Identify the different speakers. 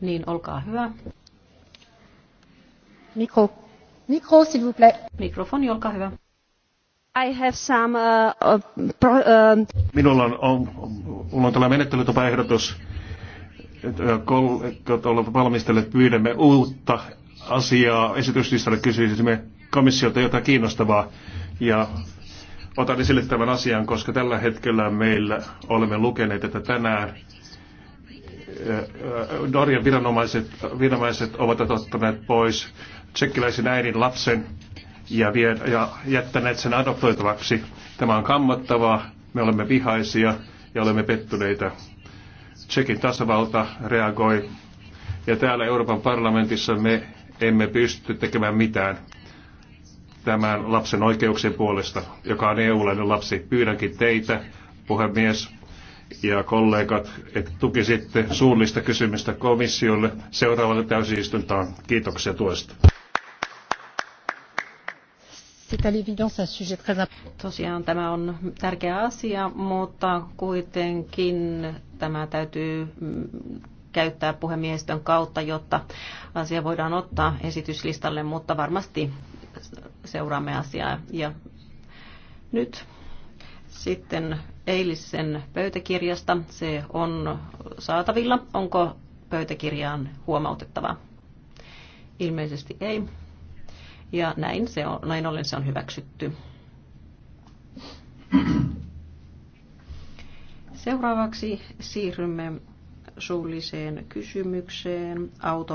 Speaker 1: niin olkaa hyvä. Mikro. Mikro, s'il vous plaît. Mikrofoni, olkaa hyvä. I have some, uh,
Speaker 2: uh pro, uh... Minulla on, on, on, on tällainen menettelytapaehdotus. Kollegat ovat valmistelleet, pyydämme uutta asiaa esityslistalle kysyisimme komissiolta jotain kiinnostavaa. Ja otan esille tämän asian, koska tällä hetkellä meillä olemme lukeneet, että tänään Norjan viranomaiset, viranomaiset ovat ottaneet pois tsekkiläisen äidin lapsen ja, vie, ja jättäneet sen adoptoitavaksi. Tämä on kammottavaa, me olemme vihaisia ja olemme pettyneitä. Tsekin tasavalta reagoi ja täällä Euroopan parlamentissa me emme pysty tekemään mitään tämän lapsen oikeuksien puolesta, joka on EU-lainen lapsi. Pyydänkin teitä, puhemies, ja kollegat, että tukisitte suullista kysymystä komissiolle seuraavalle täysistuntaan. Kiitoksia tuosta.
Speaker 1: Tosiaan tämä on tärkeä asia, mutta kuitenkin tämä täytyy käyttää puhemiehistön kautta, jotta asia voidaan ottaa esityslistalle, mutta varmasti seuraamme asiaa. Ja nyt sitten eilisen pöytäkirjasta. Se on saatavilla. Onko pöytäkirjaan huomautettavaa? Ilmeisesti ei. Ja näin, se on, näin ollen se on hyväksytty. Seuraavaksi siirrymme suulliseen kysymykseen auto